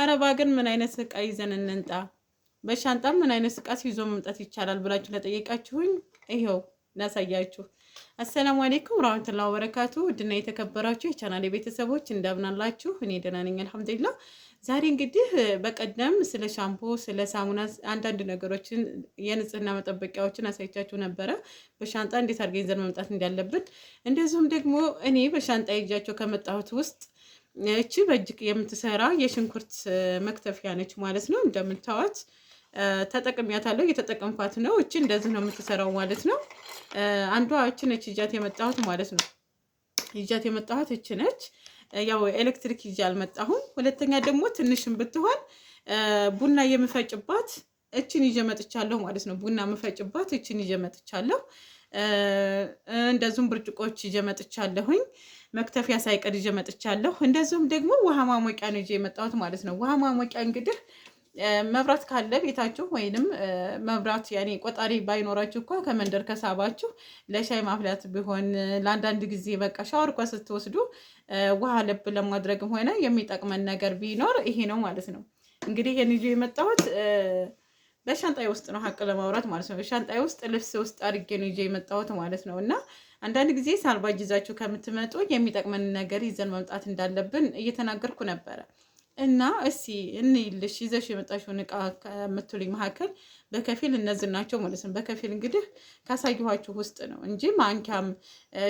ከአረብ ግን ምን አይነት እቃ ይዘን እንንጣ፣ በሻንጣ ምን አይነት እቃ ሲይዞ መምጣት ይቻላል ብላችሁ ለጠየቃችሁኝ ይኸው ላሳያችሁ። አሰላሙ አሌይኩም ረመቱላ ወበረካቱ። ውድና የተከበራችሁ የቻናል ቤተሰቦች እንደምናላችሁ፣ እኔ ደህና ነኝ ዛሬ እንግዲህ በቀደም ስለ ሻምፖ፣ ስለ ሳሙና አንዳንድ ነገሮችን የንጽህና መጠበቂያዎችን አሳይቻችሁ ነበረ። በሻንጣ እንዴት አድርገን ይዘን መምጣት እንዳለብን እንደዚሁም ደግሞ እኔ በሻንጣ ይዣቸው ከመጣሁት ውስጥ እቺ በእጅ የምትሰራ የሽንኩርት መክተፊያ ነች ማለት ነው። እንደምታዋት ተጠቅሚያታለሁ፣ እየተጠቀምኳት ነው። እቺ እንደዚህ ነው የምትሰራው ማለት ነው። አንዷ እቺ ነች ይጃት የመጣሁት ማለት ነው። ይጃት የመጣሁት እቺ ነች። ያው ኤሌክትሪክ ይዤ አልመጣሁም። ሁለተኛ ደግሞ ትንሽም ብትሆን ቡና የምፈጭባት እችን ይዤ መጥቻለሁ ማለት ነው። ቡና የምፈጭባት እችን ይዤ መጥቻለሁ። እንደዚሁም ብርጭቆች ይዤ መጥቻለሁኝ። መክተፊያ ሳይቀር ይዤ መጥቻለሁ። እንደዚሁም ደግሞ ውሃ ማሞቂያ ነው ይዤ የመጣሁት ማለት ነው። ውሃ ማሞቂያ እንግዲህ መብራት ካለ ቤታችሁ ወይንም መብራት ያኔ ቆጣሪ ባይኖራችሁ እኳ ከመንደር ከሳባችሁ ለሻይ ማፍላት ቢሆን ለአንዳንድ ጊዜ በቃ ሻወር እኳ ስትወስዱ ውሃ ለብ ለማድረግም ሆነ የሚጠቅመን ነገር ቢኖር ይሄ ነው ማለት ነው። እንግዲህ ይሄን ይዤ የመጣሁት በሻንጣዬ ውስጥ ነው ሀቅ ለማውራት ማለት ነው። በሻንጣይ ውስጥ ልብስ ውስጥ አድርጌ ነው ይዤ የመጣሁት ማለት ነው። እና አንዳንድ ጊዜ ሳልባጅ ይዛችሁ ከምትመጡ የሚጠቅመን ነገር ይዘን መምጣት እንዳለብን እየተናገርኩ ነበረ። እና እስቲ እንይልሽ ይዘሽ የመጣሽውን እቃ ከምትሉኝ መካከል በከፊል እነዚህ ናቸው ማለት ነው። በከፊል እንግዲህ ካሳየኋችሁ ውስጥ ነው እንጂ ማንኪያም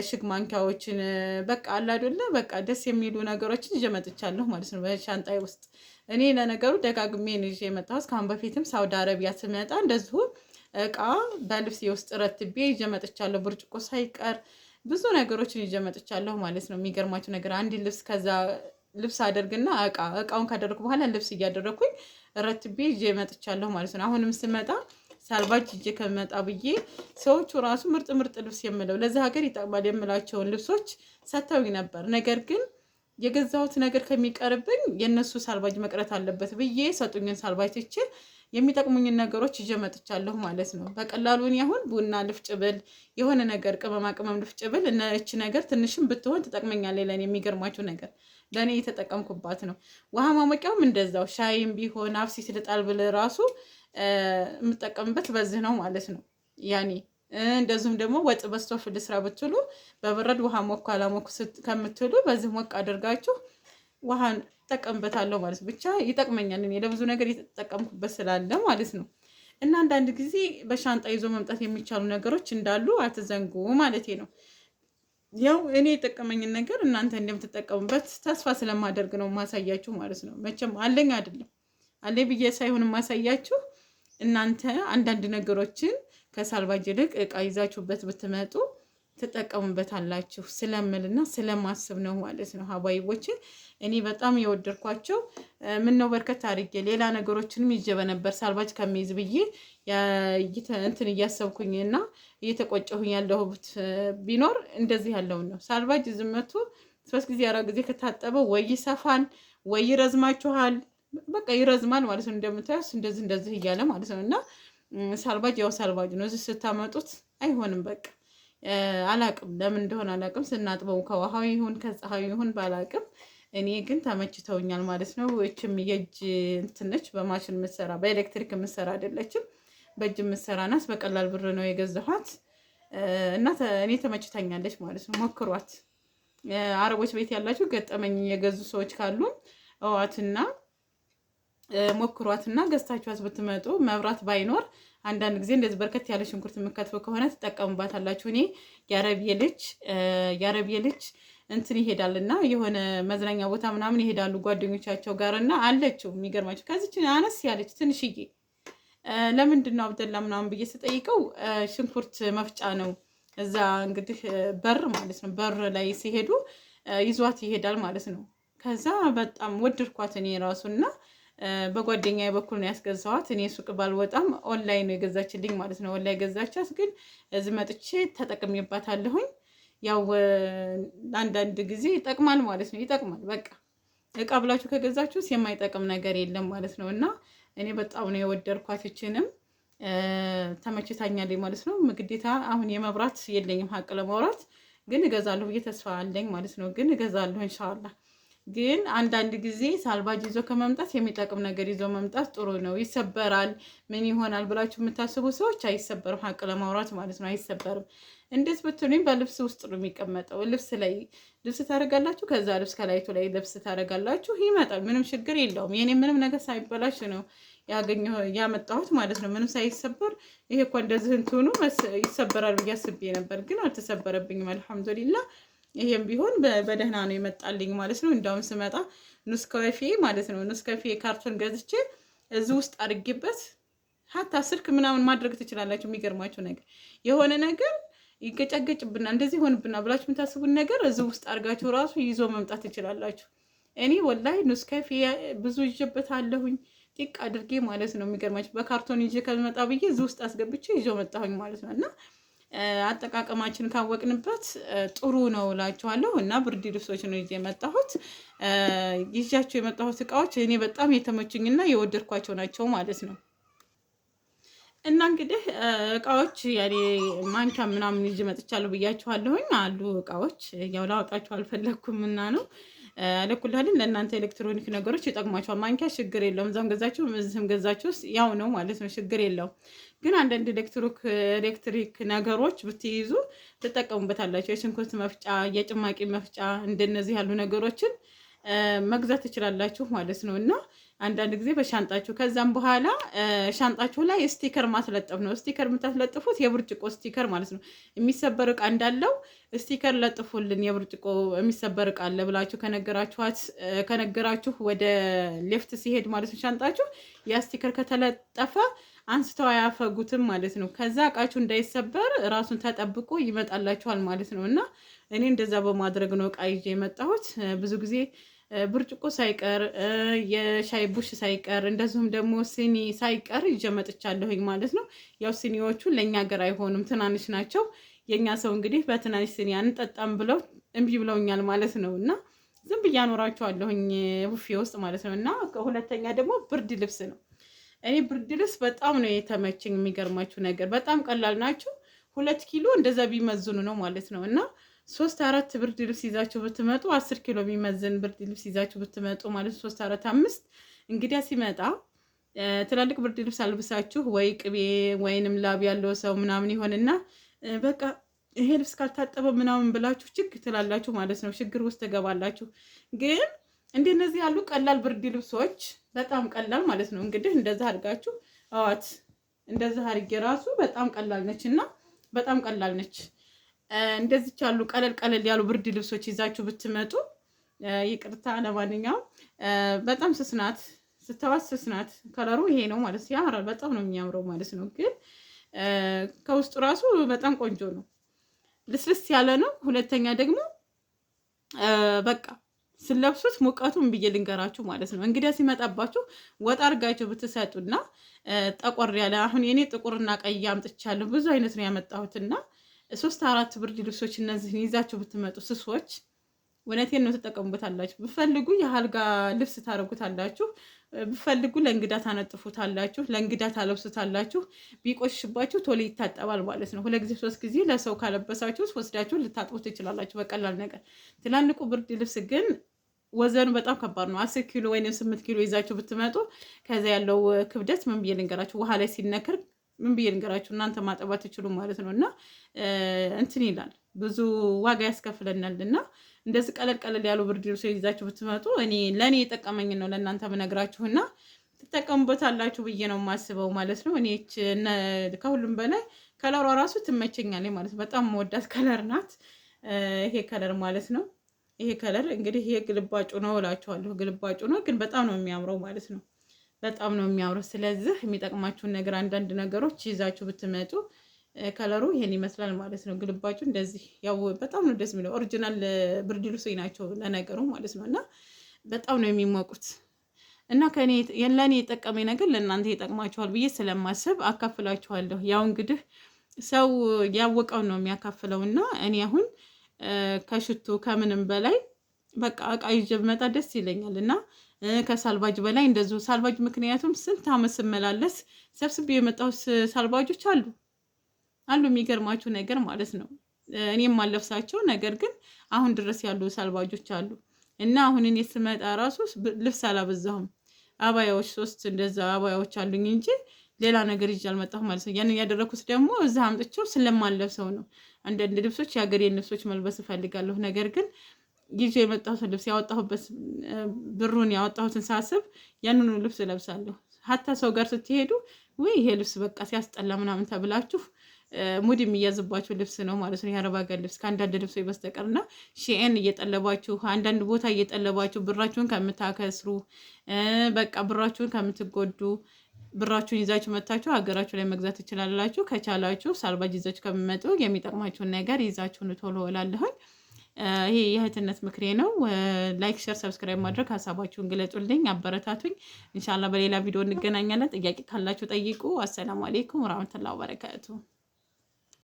ሽግ ማንኪያዎችን በቃ አላዶለ በቃ ደስ የሚሉ ነገሮችን ይዤ መጥቻለሁ ማለት ነው በሻንጣይ ውስጥ እኔ ለነገሩ ደጋግሜ ንጅ የመጣ እስካሁን በፊትም ሳውዲ አረቢያ ስመጣ እንደዚሁ እቃ በልብስ የውስጥ ረትቤ ይዤ መጥቻለሁ። ብርጭቆ ሳይቀር ብዙ ነገሮችን ይዤ መጥቻለሁ ማለት ነው። የሚገርማቸው ነገር አንድ ልብስ ከዛ ልብስ አደርግና እቃ እቃውን ካደረግኩ በኋላ ልብስ እያደረግኩኝ ረትቤ ይዤ መጥቻለሁ ማለት ነው። አሁንም ስመጣ ሳልባጅ ይዤ ከመጣ ብዬ ሰዎቹ ራሱ ምርጥ ምርጥ ልብስ የምለው ለዚህ ሀገር ይጠቅማል የምላቸውን ልብሶች ሰጥተውኝ ነበር ነገር ግን የገዛሁት ነገር ከሚቀርብኝ የእነሱ ሳልባጅ መቅረት አለበት ብዬ ሰጡኝን ሳልባጅ ትችል የሚጠቅሙኝን ነገሮች ይዤ መጥቻለሁ ማለት ነው። በቀላሉ እኔ አሁን ቡና ልፍጭ ብል የሆነ ነገር ቅመማ ቅመም ልፍጭ ብል እነች ነገር ትንሽም ብትሆን ትጠቅመኛለች። ለእኔ የሚገርማችሁ ነገር ለእኔ የተጠቀምኩባት ነው። ውሃ ማሞቂያውም እንደዛው ሻይም ቢሆን አፍሲት ልጣል ብል ራሱ የምጠቀምበት በዚህ ነው ማለት ነው ያኔ እንደዚሁም ደግሞ ወጥ በስቶፍ ልስራ ብትሉ በበረድ ውሃ ሞኩ አላሞኩ ከምትሉ በዚህ ሞቅ አድርጋችሁ ውሃን ጠቀምበታለሁ ማለት ብቻ ይጠቅመኛል፣ እኔ ለብዙ ነገር የተጠቀምኩበት ስላለ ማለት ነው። እና አንዳንድ ጊዜ በሻንጣ ይዞ መምጣት የሚቻሉ ነገሮች እንዳሉ አትዘንጉ ማለት ነው። ያው እኔ የጠቀመኝን ነገር እናንተ እንደምትጠቀሙበት ተስፋ ስለማደርግ ነው ማሳያችሁ ማለት ነው። መቼም አለኝ አይደለም አለኝ ብዬ ሳይሆን ማሳያችሁ እናንተ አንዳንድ ነገሮችን ከሳልቫጅ ይልቅ እቃ ይዛችሁበት ብትመጡ ትጠቀሙበታላችሁ ስለምልና ስለማስብ ነው ማለት ነው። ሀባይቦች እኔ በጣም የወደድኳቸው ምን ነው በርከት አድርጌ ሌላ ነገሮችንም ይጀበ ነበር ሳልባጅ ከሚይዝ ብዬ እንትን እያሰብኩኝ እና እየተቆጨሁኝ ያለሁት ቢኖር እንደዚህ ያለውን ነው። ሳልባጅ ዝመቱ ሶስት ጊዜ አራት ጊዜ ከታጠበ ወይ ይሰፋል ወይ ይረዝማችኋል። በቃ ይረዝማል ማለት ነው። እንደምታዩት እንደዚህ እንደዚህ እያለ ማለት ነው እና ሳልባጅ ያው ሳልባጅ ነው። እዚህ ስታመጡት አይሆንም። በቃ አላቅም፣ ለምን እንደሆነ አላቅም። ስናጥበው ከውሃዊ ይሁን ከፀሐዊ ይሁን ባላቅም፣ እኔ ግን ተመችተውኛል ማለት ነው። እችም የእጅ እንትነች በማሽን ምሰራ በኤሌክትሪክ ምሰራ አይደለችም፣ በእጅ ምሰራ ናት። በቀላል ብር ነው የገዛኋት እና እኔ ተመችታኛለች ማለት ነው። ሞክሯት። አረቦች ቤት ያላችሁ ገጠመኝ የገዙ ሰዎች ካሉ እዋትና ሞክሯትና ገዝታችኋት ብትመጡ መብራት ባይኖር አንዳንድ ጊዜ እንደዚህ በርከት ያለ ሽንኩርት የምከትፈው ከሆነ ትጠቀሙባታላችሁ። እኔ የአረቤ ልጅ የአረቤ ልጅ እንትን ይሄዳልና የሆነ መዝናኛ ቦታ ምናምን ይሄዳሉ ጓደኞቻቸው ጋርና አለችው የሚገርማቸው ከዚች አነስ ያለች ትንሽዬ ለምንድን ነው አብደላ ምናምን ብዬ ስጠይቀው ሽንኩርት መፍጫ ነው። እዛ እንግዲህ በር ማለት ነው። በር ላይ ሲሄዱ ይዟት ይሄዳል ማለት ነው። ከዛ በጣም ወድርኳት እኔ ራሱና በጓደኛ በኩል ነው ያስገዛኋት። እኔ ሱቅ ባልወጣም ኦንላይን ነው የገዛችልኝ ማለት ነው። ኦንላይን ገዛቻት፣ ግን እዚህ መጥቼ ተጠቅሜባታለሁኝ። ያው አንዳንድ ጊዜ ይጠቅማል ማለት ነው። ይጠቅማል በቃ እቃ ብላችሁ ከገዛችሁ የማይጠቅም ነገር የለም ማለት ነው። እና እኔ በጣም ነው የወደድኳት። ይችንም ተመችታኛለኝ ማለት ነው። ግዴታ አሁን የመብራት የለኝም ሀቅ ለማውራት ግን እገዛለሁ ብዬ ተስፋ አለኝ ማለት ነው። ግን እገዛለሁ ኢንሻላህ ግን አንዳንድ ጊዜ ሳልባጅ ይዞ ከመምጣት የሚጠቅም ነገር ይዞ መምጣት ጥሩ ነው። ይሰበራል፣ ምን ይሆናል ብላችሁ የምታስቡ ሰዎች አይሰበርም። ሀቅ ለማውራት ማለት ነው፣ አይሰበርም። እንዴት ብትሉኝ በልብስ ውስጥ ነው የሚቀመጠው። ልብስ ላይ ልብስ ታደርጋላችሁ፣ ከዛ ልብስ ከላይቱ ላይ ልብስ ታደርጋላችሁ፣ ይመጣል። ምንም ችግር የለውም። የኔ ምንም ነገር ሳይበላሽ ነው ያመጣሁት ማለት ነው፣ ምንም ሳይሰበር። ይሄ እኮ እንደዚህ እንትኑ ይሰበራል ብዬ አስቤ ነበር፣ ግን አልተሰበረብኝም። አልሐምዱሊላ ይሄም ቢሆን በደህና ነው የመጣልኝ ማለት ነው። እንዳውም ስመጣ ኑስካፌ ማለት ነው ኑስካፌ ካርቶን ገዝቼ እዚህ ውስጥ አድርጌበት ሀታ ስልክ ምናምን ማድረግ ትችላላችሁ። የሚገርማችሁ ነገር የሆነ ነገር ይገጫገጭብና እንደዚህ ሆንብና ብላችሁ የምታስቡን ነገር እዚህ ውስጥ አድርጋችሁ ራሱ ይዞ መምጣት ትችላላችሁ። እኔ ወላይ ኑስካፌ ብዙ ይዤበት አለሁኝ ጢቅ አድርጌ ማለት ነው። የሚገርማችሁ በካርቶን ይዤ ከመጣ ብዬ እዚህ ውስጥ አስገብቼ ይዞ መጣሁኝ ማለት ነው እና አጠቃቀማችን ካወቅንበት ጥሩ ነው እላችኋለሁ። እና ብርድ ልብሶች ነው ይዤ የመጣሁት። ይዣቸው የመጣሁት እቃዎች እኔ በጣም የተመቹኝና የወደድኳቸው ናቸው ማለት ነው። እና እንግዲህ እቃዎች ያኔ ማንኪያ ምናምን ይዤ መጥቻለሁ ብያችኋለሁኝ። አሉ እቃዎች ያው ላወጣቸው አልፈለግኩም እና ነው ልኩላልን ለእናንተ ኤሌክትሮኒክ ነገሮች ይጠቅሟቸዋል። ማንኪያ ችግር የለውም እዛም ገዛችሁ እዚህም ገዛችሁ ያው ነው ማለት ነው፣ ችግር የለውም። ግን አንዳንድ ኤሌክትሪክ ነገሮች ብትይዙ ትጠቀሙበታላቸው የሽንኩርት መፍጫ፣ የጭማቂ መፍጫ እንደነዚህ ያሉ ነገሮችን መግዛት ትችላላችሁ ማለት ነው እና አንዳንድ ጊዜ በሻንጣችሁ ከዛም በኋላ ሻንጣችሁ ላይ ስቲከር ማስለጠፍ ነው። ስቲከር የምታስለጥፉት የብርጭቆ ስቲከር ማለት ነው። የሚሰበር እቃ እንዳለው ስቲከር ለጥፉልን፣ የብርጭቆ የሚሰበር እቃ አለ ብላችሁ ከነገራችኋት ከነገራችሁ ወደ ሌፍት ሲሄድ ማለት ነው ሻንጣችሁ ያ ስቲከር ከተለጠፈ አንስተው አያፈጉትም ማለት ነው። ከዛ እቃችሁ እንዳይሰበር ራሱን ተጠብቆ ይመጣላችኋል ማለት ነው። እና እኔ እንደዛ በማድረግ ነው እቃ ይዤ የመጣሁት ብዙ ጊዜ ብርጭቆ ሳይቀር የሻይ ቡሽ ሳይቀር እንደዚሁም ደግሞ ሲኒ ሳይቀር ይዤ መጥቻለሁኝ ማለት ነው። ያው ሲኒዎቹ ለእኛ ሀገር አይሆኑም፣ ትናንሽ ናቸው። የእኛ ሰው እንግዲህ በትናንሽ ሲኒ አንጠጣም ብለው እምቢ ብለውኛል ማለት ነው እና ዝም ብዬ አኖራቸዋለሁኝ ቡፌ ውስጥ ማለት ነው። እና ከሁለተኛ ደግሞ ብርድ ልብስ ነው። እኔ ብርድ ልብስ በጣም ነው የተመቸኝ። የሚገርማችሁ ነገር በጣም ቀላል ናቸው። ሁለት ኪሎ እንደዛ ቢመዝኑ ነው ማለት ነው እና ሶስት አራት ብርድ ልብስ ይዛችሁ ብትመጡ አስር ኪሎ የሚመዝን ብርድ ልብስ ይዛችሁ ብትመጡ ማለት ሶስት አራት አምስት እንግዲያ ሲመጣ ትላልቅ ብርድ ልብስ አልብሳችሁ ወይ ቅቤ ወይንም ላብ ያለው ሰው ምናምን ይሆንና በቃ ይሄ ልብስ ካልታጠበ ምናምን ብላችሁ ችግ ትላላችሁ ማለት ነው። ችግር ውስጥ ትገባላችሁ። ግን እንደነዚህ ያሉ ቀላል ብርድ ልብሶች በጣም ቀላል ማለት ነው። እንግዲህ እንደዛ አድርጋችሁ አዋት እንደዛ አድርጌ ራሱ በጣም ቀላል ነች እና በጣም ቀላል ነች። እንደዚች ያሉ ቀለል ቀለል ያሉ ብርድ ልብሶች ይዛችሁ ብትመጡ ይቅርታ። ለማንኛውም በጣም ስስናት ናት ስተዋት፣ ከለሩ ይሄ ነው ማለት ያምራል። በጣም ነው የሚያምረው ማለት ነው። ግን ከውስጡ ራሱ በጣም ቆንጆ ነው። ልስልስ ያለ ነው። ሁለተኛ ደግሞ በቃ ስለብሱት ሙቀቱን ብዬ ልንገራችሁ ማለት ነው። እንግዲያ ሲመጣባችሁ ወጣ አድርጋችሁ ብትሰጡና ጠቆር ያለ አሁን የኔ ጥቁርና ቀይ አምጥቻለሁ ብዙ አይነት ነው ያመጣሁትና ሶስት አራት ብርድ ልብሶች እነዚህን ይዛችሁ ብትመጡ ስሶች እውነቴን ነው ትጠቀሙበታላችሁ። ብፈልጉ የአልጋ ልብስ ታደርጉታላችሁ። ብፈልጉ ለእንግዳ ታነጥፉታላችሁ። ለእንግዳ ታለብሱታላችሁ። ቢቆሽባችሁ ቶሎ ይታጠባል ማለት ነው። ሁለት ጊዜ ሶስት ጊዜ ለሰው ካለበሳችሁ ወስዳችሁ ልታጥቡ ትችላላችሁ በቀላል ነገር። ትላልቁ ብርድ ልብስ ግን ወዘኑ በጣም ከባድ ነው። አስር ኪሎ ወይም ስምንት ኪሎ ይዛችሁ ብትመጡ ከዚያ ያለው ክብደት ምን ብዬ ልንገራችሁ ውሃ ላይ ሲነክር ምን ብዬ ልንገራችሁ እናንተ ማጠብ አትችሉም ማለት ነው። እና እንትን ይላል ብዙ ዋጋ ያስከፍለናል። እና እንደዚህ ቀለል ቀለል ያሉ ብርድ ልብሶች ይዛችሁ ብትመጡ እኔ ለእኔ የጠቀመኝ ነው ለእናንተ ምነግራችሁ ትጠቀሙበት አላችሁ ብዬ ነው የማስበው ማለት ነው። እኔች ከሁሉም በላይ ከለሯ ራሱ ትመቸኛለች ማለት ነው። በጣም መወዳት ከለር ናት ይሄ ከለር ማለት ነው። ይሄ ከለር እንግዲህ ይሄ ግልባጩ ነው እላችኋለሁ። ግልባጩ ነው ግን በጣም ነው የሚያምረው ማለት ነው። በጣም ነው የሚያምረው። ስለዚህ የሚጠቅማችሁን ነገር አንዳንድ ነገሮች ይዛችሁ ብትመጡ ከለሩ ይሄን ይመስላል ማለት ነው። ግልባጩ እንደዚህ ያው በጣም ነው ደስ የሚለው። ኦሪጂናል ብርድ ልብሶች ናቸው ለነገሩ ማለት ነው እና በጣም ነው የሚሞቁት እና ከኔ ለእኔ የጠቀመኝ ነገር ለእናንተ ይጠቅማችኋል ብዬ ስለማስብ አካፍላችኋለሁ። ያው እንግዲህ ሰው ያወቀው ነው የሚያካፍለው እና እኔ አሁን ከሽቱ ከምንም በላይ በቃ እቃ ይዤ ብመጣ ደስ ይለኛል እና ከሳልቫጅ በላይ እንደዚሁ ሳልቫጅ። ምክንያቱም ስንት አመት ስመላለስ ሰብስቤ የመጣው ሳልቫጆች አሉ አሉ የሚገርማችሁ ነገር ማለት ነው። እኔም ማለፍሳቸው ነገር ግን አሁን ድረስ ያሉ ሳልቫጆች አሉ። እና አሁን እኔ ስመጣ ራሱ ልብስ አላበዛሁም። አባያዎች ሶስት እንደዛ አባያዎች አሉኝ እንጂ ሌላ ነገር ይዤ አልመጣሁ ማለት ነው። ያንን ያደረኩት ደግሞ እዛ አምጥቼው ስለማለብሰው ነው። አንዳንድ ልብሶች የሀገሬን ልብሶች መልበስ እፈልጋለሁ ነገር ግን ይዤ የመጣሁትን ልብስ ያወጣሁበት ብሩን ያወጣሁትን ሳስብ ያንኑ ልብስ ለብሳለሁ ሀታ ሰው ጋር ስትሄዱ ወይ ይሄ ልብስ በቃ ሲያስጠላ ምናምን ተብላችሁ ሙድ የሚያዝባችሁ ልብስ ነው ማለት ነው። የአረብ ሀገር ልብስ ከአንዳንድ ልብሶ በስተቀር እና ሺኤን እየጠለባችሁ አንዳንድ ቦታ እየጠለባችሁ ብራችሁን ከምታከስሩ በቃ ብራችሁን ከምትጎዱ ብራችሁን ይዛችሁ መታችሁ ሀገራችሁ ላይ መግዛት ትችላላችሁ። ከቻላችሁ ሳልባጅ ይዛችሁ ከሚመጡ የሚጠቅማችሁን ነገር ይዛችሁን ቶሎ እላለሁኝ። ይሄ የእህትነት ምክሬ ነው። ላይክ፣ ሸር፣ ሰብስክራይብ ማድረግ ሀሳባችሁን ግለጹልኝ፣ አበረታቱኝ። እንሻላ በሌላ ቪዲዮ እንገናኛለን። ጥያቄ ካላችሁ ጠይቁ። አሰላሙ አሌይኩም ወራህመቱላሂ በረከቱ